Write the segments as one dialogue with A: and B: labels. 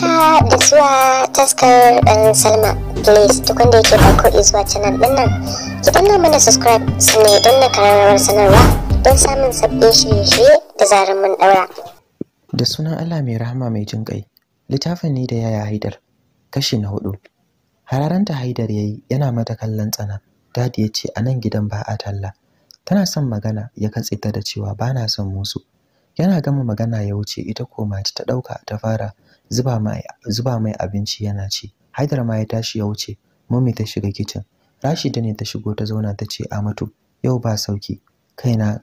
A: haka da zuwa taskar ɗan salma please duk wanda yake farko izuwa canal ɗin nan ki danna mana subscribe sannan don na kararrawar sanarwa don samun sabbin shirye-shirye da zarar mun ɗaura da sunan allah mai rahama mai jin ƙai littafin ne da yaya haidar kashi na hudu hararanta haidar yayi yana mata kallon tsana dadi ya ce a nan gidan ba a talla tana son magana ya katse ta da cewa ba na son musu yana gama magana ya wuce ita ko mace ta ɗauka ta fara zuba mai zuba mai abinci yana ci Haidar ma ya tashi ya wuce mummy ta shiga kitchen Rashida ne ta shigo ta zauna ta ce Amatu yau ba sauki kaina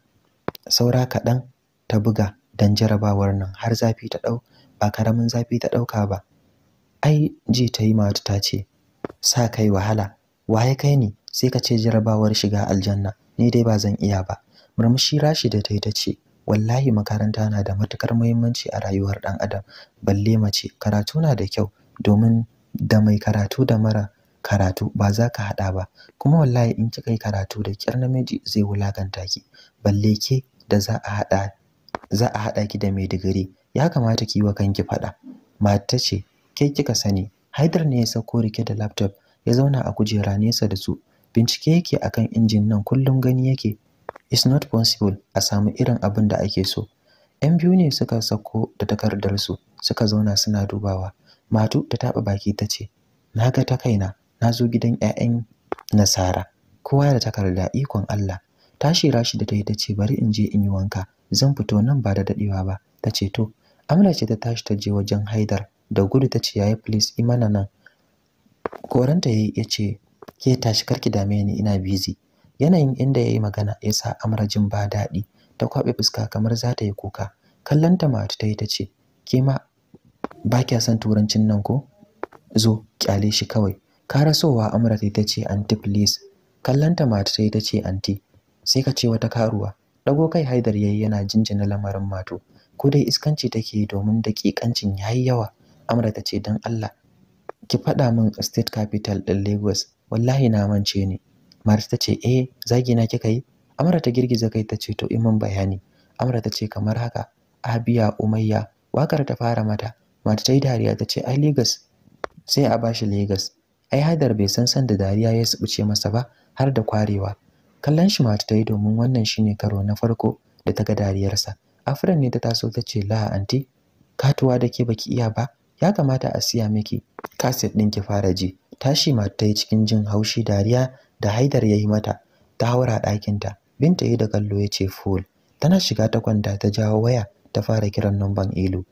A: saura kaɗan ta buga don jarabawar nan har zafi ta ɗau ba karamin zafi ta ɗauka ba ai ji ta yi mata ta ce sa kai wahala waye kai ni sai ka ce jarabawar shiga aljanna ni dai ba zan iya ba murmushi Rashida ta yi ta ce wallahi makaranta na da matukar muhimmanci a rayuwar ɗan adam balle mace karatu na da kyau domin da mai karatu da mara karatu ba za ka hada ba kuma wallahi in kika yi karatu da kyar namiji zai wulakanta ki balle ke da za a hada za a hada ki da mai digiri ya kamata ki yi wa kanki fada mata ce ke kika sani Haidar ne ya sako rike da laptop ya zauna a kujera nesa da su bincike yake akan injin nan kullum gani yake it's not possible a samu irin abin da ake so yan biyu ne suka sako da takardar su suka zauna suna dubawa matu da taɓa baki ta ce na ga ta kaina na zo gidan 'ya'yan nasara kowa da takarda ikon Allah tashi rashi da ta yi ta ce bari in je in yi wanka zan fito nan ba da daɗewa ba ta ce to amna ce ta tashi ta je wajen haidar da gudu ta ce yayi please imana nan koranta ya ce ke tashi karki dame ni ina busy yanayin inda ya yi magana ya sa amra jin ba daɗi ta kwaɓe fuska kamar za ta yi kuka kallon ta matu ta yi ta ce ke ma ba kya son turancin nan ko zo kyale shi kawai ka rasowa amra ta ce anti please kallon ta matu ta yi ta ce anti sai ka ce wata karuwa dago kai haidar yayi yana jinjina lamarin mato ko dai iskanci take domin dakikancin yayi yawa amra ta ce dan Allah ki faɗa min state capital ɗin Lagos wallahi na mance ne Maris ta ce, "Eh, zagina kika yi?" Amara ta girgiza kai ta ce, "To imin bayani." Amara ta ce kamar haka, "Abiya Umayya." Wakar ta fara mata. Mata ta yi dariya ta ce, "Ai Lagos." Sai a bashi Lagos. Ai Hadar bai san san da dariya ya subuce masa ba har da kwarewa. Kallon shi mata ta yi domin wannan shine karo na farko da ta ga dariyarsa. Afran ne ta taso ta ce, "La anti, katuwa da ke baki iya ba, ya kamata a siya miki kaset ɗin ki fara ji." Tashi mata ta yi cikin jin haushi dariya da Haidar ya yi mata ta haura ɗakinta. Binta yi da kallo ya ce fool. Tana shiga ta kwanta ta jawo waya ta fara kiran numban Ilu.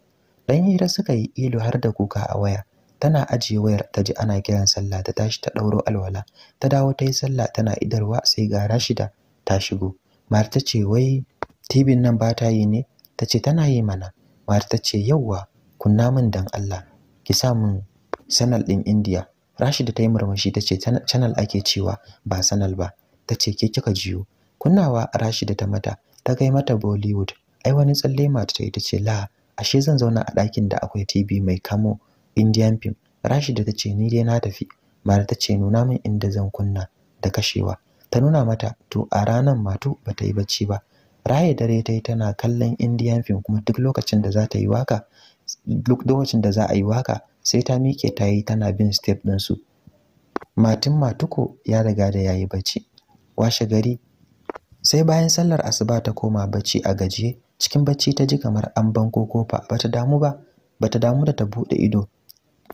A: ɗan hira suka yi Ilu har da kuka a waya. Tana ajiye wayar ta ji ana kiran sallah ta tashi ta ɗauro alwala. Ta dawo ta yi sallah tana idarwa sai ga Rashida ta shigo. Mar ta ce wai tibin nan ba ta yi ne? Ta ce tana yi mana. Mar ta ce yauwa kunna min dan Allah. Ki sa min sanal ɗin Indiya. Rashida ta yi murmushi ta ce channel ake cewa ba sanal ba. Ta ce ke kika jiyo. Kunnawa Rashida ta mata ta kai mata Bollywood. Ai wani tsalle mata ta yi ta ce la ashe zan zauna a ɗakin da akwai TV mai kamo Indian film. Rashida ta ce ni dai na tafi. Mara ta ce nuna min inda zan kunna da kashewa. Ta nuna mata to a ranan to ba ta yi bacci ba. Raye dare ta yi tana kallon Indian film kuma duk lokacin da za ta yi waka duk lokacin da za a yi waka sai ta miƙe ta yi tana bin step ɗinsu matin matuko ya riga da yayi bacci washe gari sai bayan sallar asuba ta koma bacci a gajiye cikin bacci ta ji kamar an banko kofa bata damu ba bata damu da ta bude ido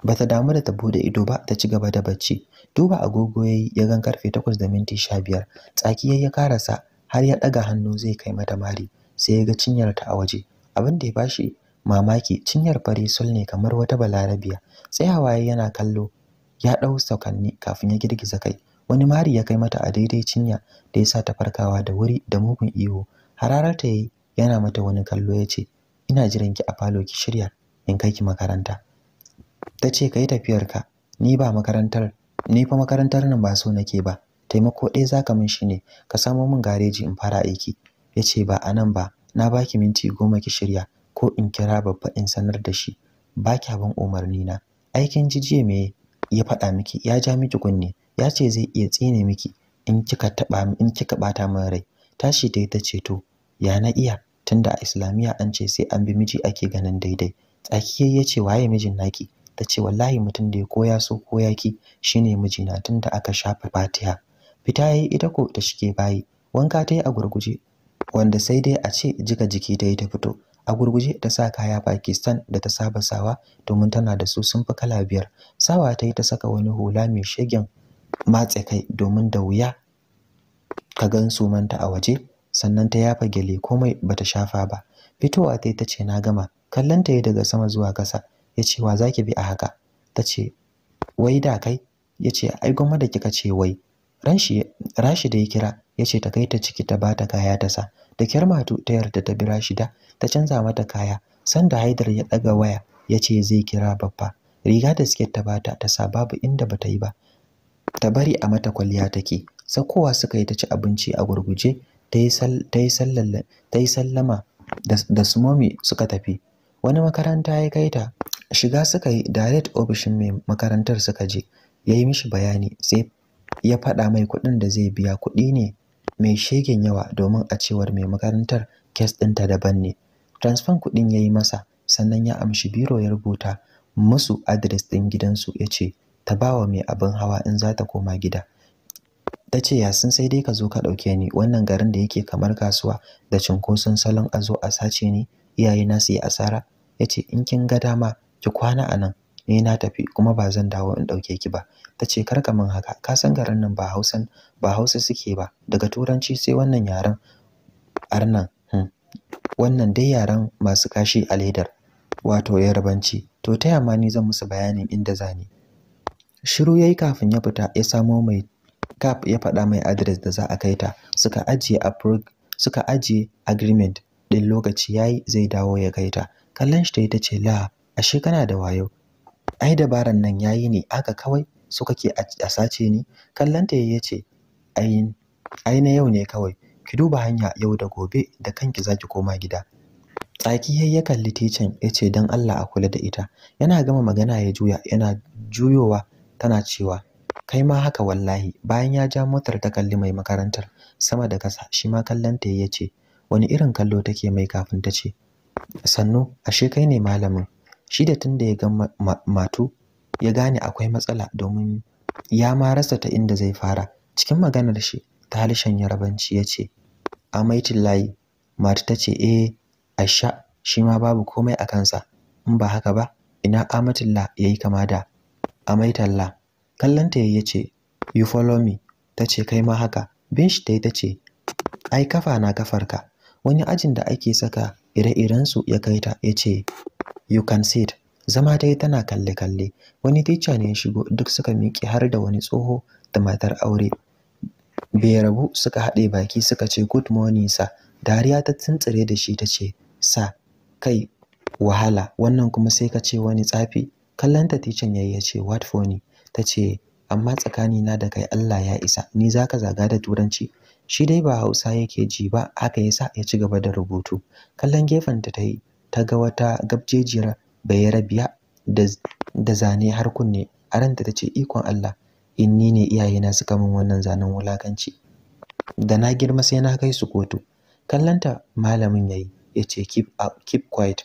A: bata damu da ta bude ido ba ta ci gaba da bacci duba agogo yayi ya gan karfe takwas da minti sha biyar. tsaki ya karasa har ya daga hannu zai kai mata mari sai ya ga cinyar ta a waje abin da ya bashi mamaki cinyar fari sul ne kamar wata balarabiya Sai hawaye yana kallo ya ɗau sakanni kafin ya girgiza kai wani mari ya kai mata a daidai cinya da ya sa ta farkawa da wuri da mugun iwo hararar ta yi yana mata wani kallo ya ce ina jiran ki a falo ki shirya in kai ki makaranta ta ce kai ka ni ba makarantar ni fa makarantar nan ba so nake ba taimako ɗaya zaka min shine ka samo min gareji in fara aiki Ya ce ba a nan ba na baki minti goma ki shirya ko in kira babba in sanar da shi ba kya ban umarni na aikin jijiya me ya faɗa miki ya ja miki kunne ya ce zai iya tsine miki in kika taba in kika bata min rai tashi dai ta ce to ya na iya tunda a islamiya an ce sai an bi miji ake ganin daidai tsakiye ya ce waye mijin naki ta ce wallahi mutum da ya koya so koya ki shine mijina tunda aka shafa fatiha fita yi ita ko ta shige bayi wanka ta yi a gurguje wanda sai dai a ce jika jiki ta yi ta fito a gurguje ta sa kaya Pakistan da ta saba sawa domin tana da su sun fi kala biyar sawa ta yi ta saka wani hula mai shagen matse kai domin da wuya ka gan manta a waje sannan ta yafa gele komai bata shafa ba fitowa ta yi ta ce na gama kallon ta yi daga sama zuwa kasa ya ce wa zaki bi a haka ta ce wai da kai ya ce ai gwamma da kika ce wai rashi da ya kira ya ce ta kai ta ciki ta bata kaya ta sa da kyar matu ta yarda ta bira shida ta canza mata kaya sanda haidar ya ɗaga waya ya ce zai kira babba riga da siket ta bata ta sa babu inda bata yi ba ta bari a mata kwalliya take sakowa suka yi ta ci abinci a gurguje ta yi sallama da sumomi suka tafi wani makaranta ya kai ta shiga suka yi direct ofishin mai makarantar suka je ya yi mishi bayani sai ya faɗa mai kuɗin da zai biya kuɗi ne mai shegen yawa domin a cewar mai makarantar kes ɗinta daban ne. Transfer kuɗin ya yi masa sannan ya amshi biro ya rubuta musu adres ɗin gidansu ya ce ta bawa mai abin hawa in za ta koma gida. ta ce sun sai dai ka zo ka ɗauke ni wannan garin da yake kamar kasuwa da cunkoson salon a zo a sace ni iyaye na su yi asara ya ce in kin ga dama ki kwana a nan ni na tafi kuma ba zan dawo in ɗauke ki ba tace ce kar ka min haka ka san garin nan ba hausan ba hausa suke ba daga turanci sai wannan yaren arnan hmm. wannan dai yaren masu kashi a ledar wato yarbanci to ta yama ni zan musu bayanin inda zani shiru yayi kafin ya fita ya samo mai kaf ya faɗa mai adres da za a kai ta suka ajiye suka ajiye agreement din lokaci yayi zai dawo ya kai ta kallon shi ta ce la ashe kana da wayo ai dabaran nan ya yi ne aka kawai su kake a sace ni kallanta ya ce ai na yau ne kawai ki duba hanya yau da gobe da kanki zaki koma gida tsaki ya kalli ticin ya ce don Allah a kula da ita yana gama magana ya juya yana juyowa tana cewa kai ma haka wallahi bayan ya ja motar ta kalli mai makarantar sama da kasa shi ma kallanta ya ce wani irin kallo take mai kafin ta ce sannu ashe kai ne malamin shi da tunda ya ga matu ya gane akwai matsala domin ya ma rasa ta inda zai fara cikin maganar shi ta halishan yarabanci ya ce amaitin layi matu ta ce eh asha shi ma babu komai a kansa in ba haka ba ina la ya yi kama da amaitalla kallanta ya ce you follow me ta ce kai ma haka bin shi ta yi ta ce ai kafa na kafarka wani ajin da ake saka ire-irensu ya kai ta ya ce you can it zama dai tana kalle kalle wani teacher ne ya shigo duk suka miƙe har da wani tsoho da matar aure bai rabu suka haɗe baki suka ce good morning sa dariya ta tsintsire da shi ta ce sa kai wahala wannan kuma sai ka ce wani tsafi kallanta ticin yayi ya ce what for ni ta ce amma tsakani na da kai Allah ya isa ni zaka zaga da turanci shi dai ba Hausa yake ji ba haka yasa ya ci gaba da rubutu kallon gefen ta tayi ta ga wata gabjejiyar bayarabiya da zane har kunne a ranta ta ce ikon Allah in ni ne iyayena suka min wannan zanen wulakanci da na girma sai na kai su kotu kallanta malamin yayi ya ce keep, up, uh, keep quiet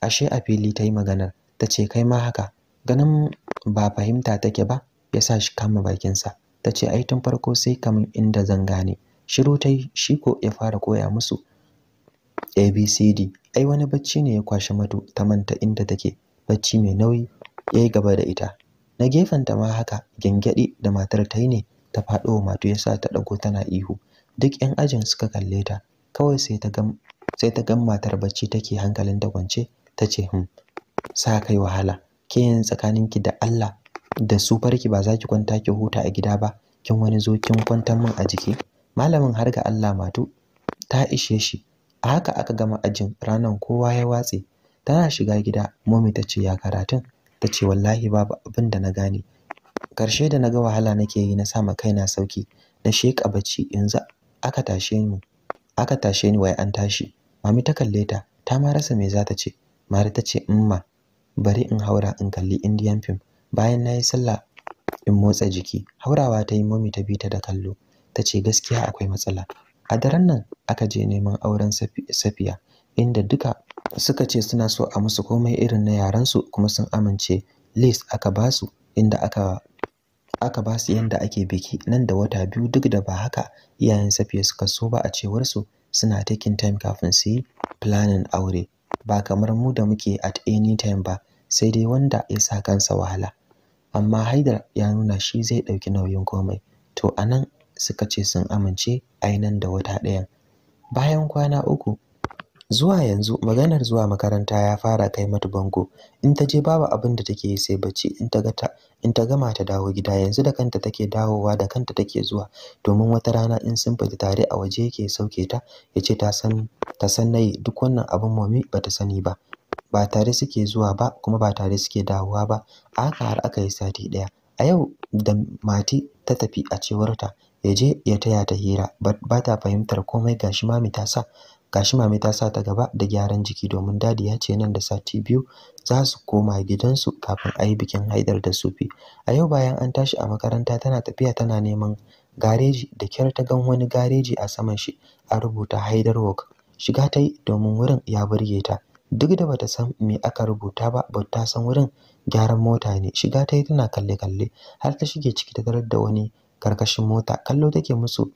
A: ashe a fili ta yi maganar ta ce kai ma haka ganin ba fahimta take ba ya sa shi kama bakinsa ta ce ai tun farko sai kamar inda zan gane shiru ta yi shi ko ya fara koya musu abcd ai wani bacci ne ya kwashe madu ta manta inda take bacci mai nauyi ya yi gaba da ita na gefenta ma haka gyangyaɗe da matar ta yi ne ta faɗo wa matu ya sa ta ɗago tana ihu duk 'yan ajin suka kalle ta kawai sai ta gan matar bacci take hankalin ta kwance ta ce hm sa kai wahala ke yin ki da Allah da su farki ba za ki kwanta ki huta a gida ba kin wani zo kin kwanta min a jiki malamin har ga Allah matu ta ishe shi a haka aka gama ajin ranan kowa ya watse tana shiga gida momi ta ce ya karatun ta ce wallahi babu abin da na gane karshe da na ga wahala nake yi na sama kaina sauki na sheka bacci yanzu aka tashe ni aka tashe ni wai an tashi mami ta kalle ta ta ma rasa me za ta ce mari ta ce umma bari in haura in kalli indian film bayan na yi sallah in motsa jiki haurawa ta yi momi ta bi ta da kallo ta ce gaskiya akwai matsala a daren nan aka je neman auren safiya inda duka suka ce suna so a musu komai irin na yarensu kuma sun amince lace aka basu inda aka aka ba su yanda ake biki nan da wata biyu duk da ba haka iyayen safiya suka so ba a cewar su suna taking time kafin su yi planning aure ba kamar mu da muke at any time ba sai dai wanda ya sa kansa wahala amma haidar ya nuna shi zai ɗauki nauyin komai to anan suka ce sun amince nan da wata ɗayan bayan kwana uku zuwa yanzu maganar zuwa makaranta ya fara kai mata bango in ta je babu abin da take sai bacci in ta gama ta dawo gida yanzu da kanta take dawowa da kanta take zuwa domin wata rana in sun fita tare a waje yake sauke ta ya ce ta san na yi duk wannan abin mami ta sani ba ba tare suke zuwa ba kuma ba tare suke dawowa ba a haka har aka yi sati ɗaya. a yau da mati ta tafi a cewarta ya je ya taya ta hira ba ta fahimtar komai gashi mami ta sa gashi mami ta sa ta gaba da gyaran jiki domin dadi ya ce nan da sati biyu za su koma gidansu kafin a yi bikin haidar da sufi a yau bayan an tashi a makaranta tana tafiya tana neman gareji da kyar ta gan wani gareji a saman shi a rubuta haidar work shiga ta yi domin wurin ya burge ta duk da bata san me aka rubuta ba ba ta san wurin gyaran mota ne shiga ta yi tana kalle-kalle har ta shige ciki ta tarar da wani karkashin mota kallo take musu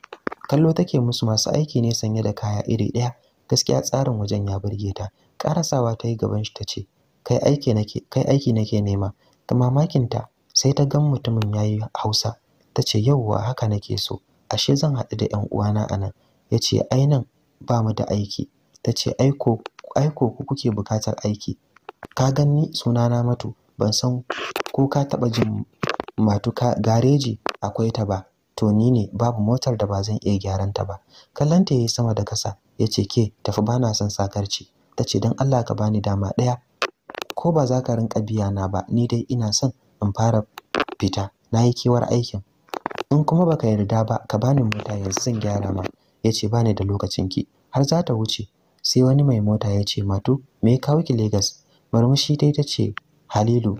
A: kallo take musu masu aiki ne sanye da kaya iri ɗaya gaskiya tsarin wajen ya burge ta karasawa ta yi gaban shi ta ce kai aiki nake kai aiki nake nema ta mamakinta sai ta gan mutumin yayi hausa ta ce yauwa haka nake so ashe zan haɗu da 'yan uwana a nan ya ce ai nan ba mu da aiki ta ce aiko aiko ku kuke bukatar aiki ka ganni sunana matu ban san ko ka taɓa jin matuka gareji akwai ta ba to ni ne babu motar da ba zan iya gyaran ta ba kallanta yayi sama da kasa yace ke tafi bana son sakarci tace dan Allah ka bani dama daya ko ba za ka rinka biya na ba ni dai ina son in fara fita nayi kewar aikin in kuma baka yarda ba ka bani mota yanzu zan gyara ma yace bani da lokacin ki har za ta wuce sai wani mai mota yace matu me ya kawo ki Lagos murmushi dai tace Halilu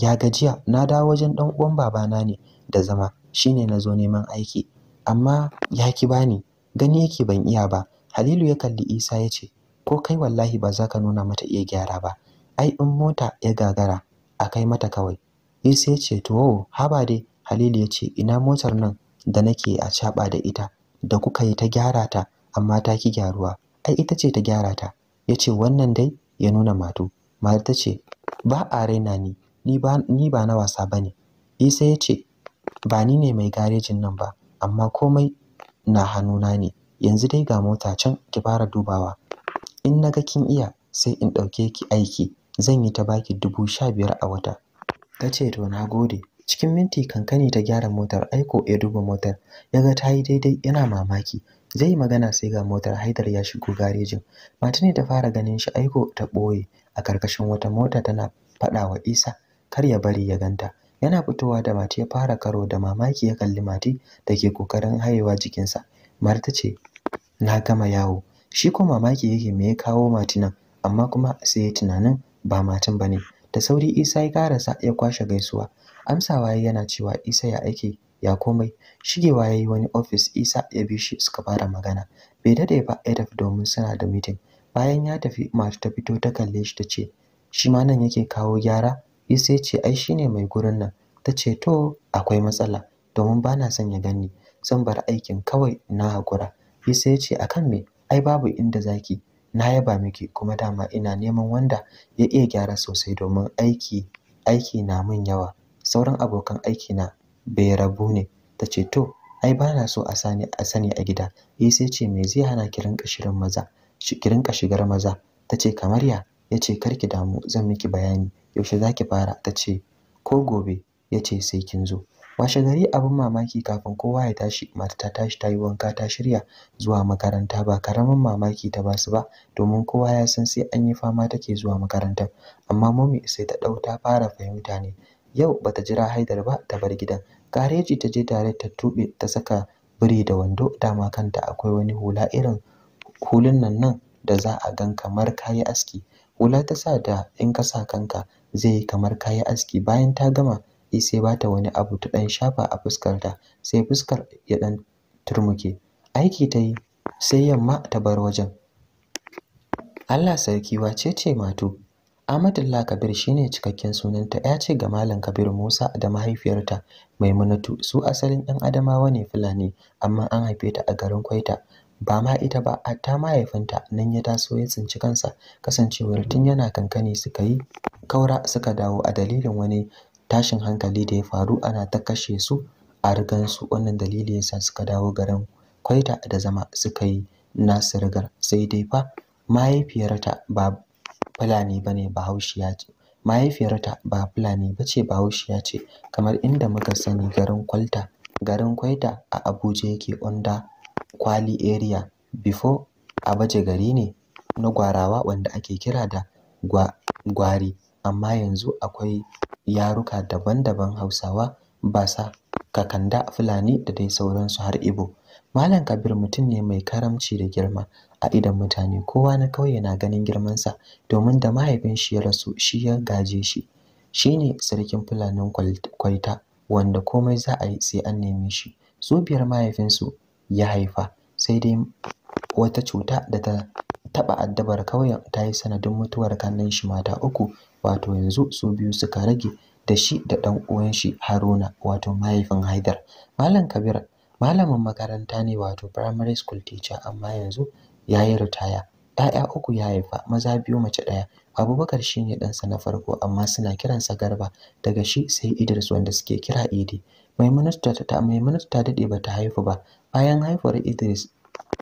A: ya gajiya na dawo wajen ɗan uwan babana ne da zama shine zo neman aiki amma ya ki bani gani yake ban iya ba Halilu ya kalli Isa ya ce ko kai wallahi ba za ka nuna mata iya gyara ba ai in mota ya gagara a kai mata kawai Isa ya ce to haba dai Halilu ya ce ina motar nan da nake a caba da ita da kuka yi ta gyara ta amma ta ki gyaruwa ai ita ce ta gyara ta ya ce wannan dai ya nuna mato mata ta ce ba a raina ni ni ba na wasa ba ne. isa eh, ya ce ba ni ne mai garejin nan ba amma komai na hannuna ne yanzu dai ga mota can ki fara dubawa in na ga kin iya sai in ɗauke ki aiki zan yi ta baki dubu sha biyar a wata ta ce to na gode cikin minti kankani ta gyara motar aiko ya duba motar ya ga ta yi daidai yana mamaki zai yi magana sai ga motar haidar ya shigo garejin mata ne ta fara ganin shi aiko ta ɓoye a ƙarƙashin wata mota tana faɗawa isa kar ya bari ya ganta yana fitowa da mati ya fara karo da mamaki ya kalli mati da ke kokarin hayewa jikinsa marta ce na gama yawo shi ko mamaki yake me ya kawo mati nan amma kuma sai ya tunanin ba matin bane da sauri isa ya karasa ya kwashe gaisuwa amsawa yana cewa isa ya aike ya komai shigewa yayi wani ofis, isa ya bi shi suka fara magana bai dade ba ya tafi domin suna da meeting bayan ya tafi mata ta fito ta kalle shi ta ce shi ma nan yake kawo gyara Isa sai ce ai shine mai gurin nan. Ta ce to akwai matsala domin ba na son ya gani. Zan bar aikin kawai na hakura. Isa sai ce akan me? Ai babu inda zaki. Na yaba miki kuma dama ina neman wanda ya iya gyara sosai domin aiki aiki na mun yawa. Sauran abokan aiki na bai rabu ne. Ta ce to ai ba na so a sani a sani a gida. Isa ya ce me zai hana ki rinka maza? Ki rinka shigar maza. Ta ce kamar ya? ya ce ki damu zan miki bayani yaushe za ki fara ta ce ko gobe ya ce sai kin zo washe gari abin mamaki kafin kowa ya tashi mata ta tashi ta yi wanka ta shirya zuwa makaranta ba karamin mamaki ta basu ba domin kowa ya san sai an yi fama take zuwa makarantar amma mami sai ta ɗau ta fara fahimta ne yau ba ta jira haidar ba ta bar gidan gareji ta je tare ta tuɓe ta saka biri da wando dama kanta akwai wani hula irin hulun nan nan da za a gan kamar kayi aski Wula ta sa da in ka sa kanka zai yi kamar kayi aski bayan ta gama sai ba ta wani abu ta ɗan shafa a fuskarta, sai fuskar ya dan turmuke aiki ta yi sai yamma ta bar wajen Allah sarki wace ce mato Ahmadullah Kabir shine cikakken sunanta ya ce ga Malam Kabir Musa da mahaifiyarta Maimunatu su asalin ɗan Adamawa ne Fulani amma an haife ta a garin Kwaita ba ma ita ba a ta mahaifinta nan ya taso ya tsinci kansa kasancewar tun yana kankani suka yi kaura suka dawo a dalilin wani tashin hankali da ya faru ana ta kashe su a rigansu wannan dalili yasa suka dawo garin kwaita da zama suka yi nasu rigar sai dai fa mahaifiyarta ba fulani bane ce mahaifiyarta ba fulani bace bahaushiya ce kamar inda muka sani garin kwalta garin kwaita a abuja yake onda Kwali area before baje gari ne na Gwarawa wanda ake kira da Gwari amma yanzu akwai yaruka daban-daban Hausawa, Basa, Kakanda, Fulani da dai sauransu har ibo Malam Kabir mutum ne mai karamci da girma a idon mutane kowa na kauye na ganin girmansa domin da mahaifin shi ya rasu shi ya gaje shi shine sarkin Fulanin Kwaita wanda komai za a yi sai an neme shi su biyar mahaifinsu ya haifa sai dai wata cuta da ta taɓa addabar ƙauyen ta yi sanadin mutuwar kannan shi mata uku wato yanzu su biyu suka rage da shi da ɗan uwan shi Haruna wato mahaifin Haidar Malam Kabir malamin makaranta ne wato primary school teacher amma yanzu ya yi ritaya ‘ya'ya uku ya haifa maza biyu mace ɗaya Abubakar shine ne ɗansa na farko amma suna kiransa Garba daga shi sai Idris wanda suke kira Idi Mai minista ta Maimunatu ta daɗe bata haifu ba Bayan haifuwar Idris,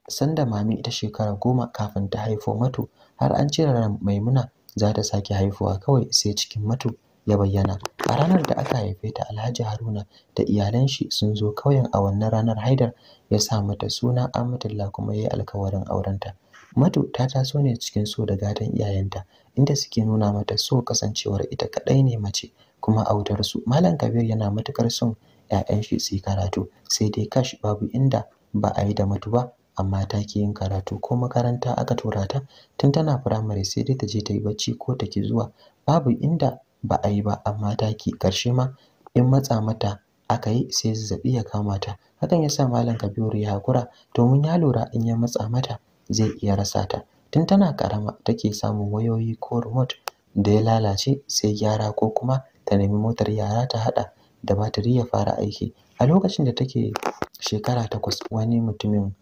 A: sanda mami ta shekara goma kafin ta haifo Matu, har an cire ran Maimuna za ta sake haifuwa kawai sai cikin Matu ya bayyana. A ranar da aka haife ta Alhaji Haruna da iyalan shi sun zo kauyen a wannan ranar Haidar ya sa mata suna Amatullah kuma ya yi alkawarin aurenta. Matu ta taso ne cikin so da gadon iyayenta inda suke nuna mata so kasancewar ita kaɗai ne mace kuma su, Malam Kabir yana matukar son 'ya'yan shi su yi karatu sai dai kash babu inda ba a yi da mutu ba amma ta ki yin karatu ko makaranta aka tura ta tun tana firamare sai dai ta je ta yi bacci ko ta ki zuwa babu inda ba a yi ba amma ta ki karshe ma in matsa mata aka yi sai zazzaɓi ya kama ta hakan yasa malam kabiru ya hakura domin ya lura in ya matsa mata zai iya rasa ta tun tana karama take samun wayoyi ko remote da ya lalace sai gyara ko kuma ta nemi motar yara ta haɗa. da batiri ya fara aiki a lokacin da take shekara takwas wani mutumin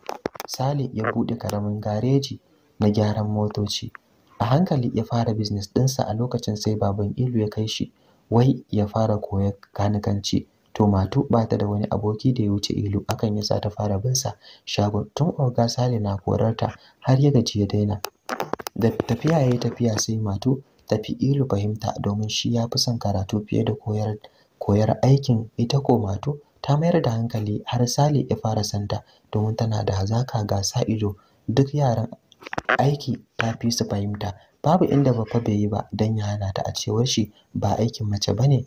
A: sale ya buɗe karamin gareji na gyaran motoci a hankali ya fara business ɗinsa a lokacin sai baban ilu ya kai shi wai ya fara koyar kanikanci to matu ba ta da wani aboki da ya wuce ilu akan yasa ta fara binsa sa shagon tun oga sale na korarta har ya gaji ya daina da tafiya ya yi tafiya sai matu tafi ilu fahimta domin shi ya fi son karatu fiye da koyar koyar aikin ita ko mato ta mayar da hankali har Sale ya fara santa domin tana da hazaka ga sa ido duk yaran aiki ta fi su fahimta babu inda babba bai yi ba don ya hana ta a cewar shi ba aikin mace ba ne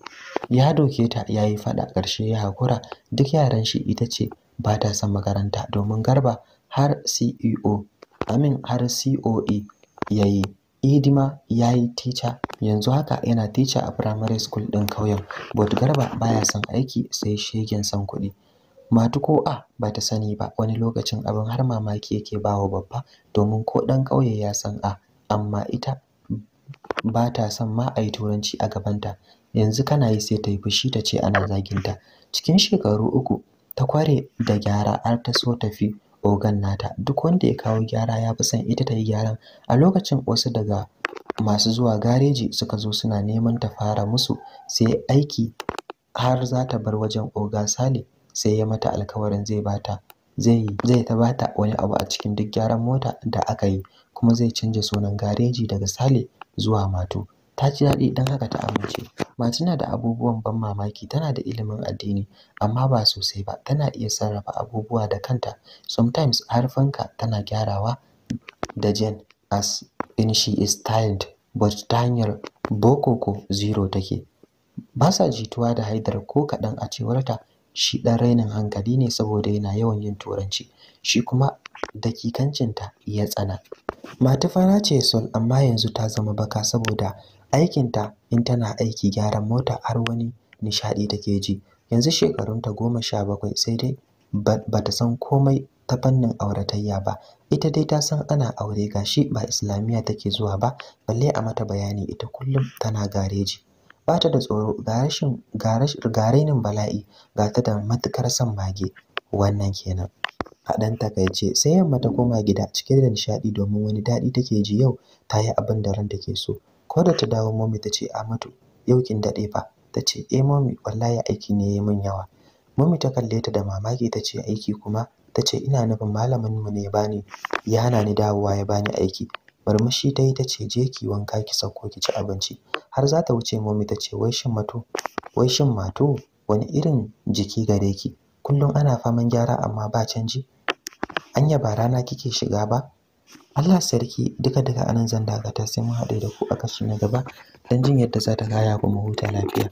A: ya doke ta ya yi faɗa ƙarshe ya hakura duk yaran shi ita ce ba ta son makaranta domin garba har ceo amin har coe ya yi idima ya yi tica yanzu haka yana tice a primary school din kauyen but garba baya son aiki sai shegen son kuɗi matu ko a ba ta sani ba wani lokacin abin har mamaki yake bawa babba domin ko ɗan ƙauye ya san a amma ita ba ta son ma a yi turanci a gabanta yanzu kana yi sai ta yi fushi ta ce ana zaginta cikin shekaru uku ta kware da gyara har ta so tafi ogan nata duk wanda ya kawo gyara ya fi son ita ta yi gyaran a lokacin wasu daga masu zuwa gareji suka zo suna neman ta fara musu sai aiki har za ta bar wajen oga sale sai ya mata alkawarin zai bata zai zai ta bata wani abu a cikin duk gyaran mota da aka yi kuma zai canja sunan gareji daga sale zuwa mato ta ji daɗi don haka ta amince mace na da abubuwan ban mamaki tana da ilimin addini amma ba sosai ba tana iya sarrafa abubuwa da kanta sometimes har fanka tana gyarawa da jen as in she is styled. but ta hanyar boko ko zero take ba sa jituwa da haidar ko kaɗan a cewarta shi ɗan rainin hankali ne saboda yana yawan yin turanci shi kuma dakikancinta ya tsana mata fara ce sol amma yanzu ta zama baka saboda aikinta in tana aiki gyaran mota har wani nishaɗi take ji yanzu shekarunta goma sha bakwai sai dai ba ta san komai ta fannin auratayya ba ita dai ta san ana aure gashi ba islamiyya take zuwa ba balle a mata bayani ita kullum tana gareji ba ta da tsoro ga rashin ga rainin bala'i ga ta da matukar son mage wannan kenan a ɗan takaice sai yamma ta koma gida cike da nishaɗi domin wani daɗi take ji yau ta yi abin da ran take so ko da ta dawo Mami ta ce amatu yau kin daɗe fa ta ce eh momi wallahi aiki ne ya min yawa momi ta kalle ta da mamaki ta ce aiki kuma ta ce ina nufin malamin mu ne bani ya hana ni dawowa ya bani aiki murmushi ta yi ta ce je ki wanka ki sauko ki ci abinci har za ta wuce mami ta ce wai shin mato wai shin mato wani irin jiki gare ki kullum ana faman gyara amma ba canji anya ba rana kike shiga ba Allah sarki duka duka anan zan dakata sai mun haɗu da ku a kashi na gaba dan jin yadda za ta kaya kuma huta lafiya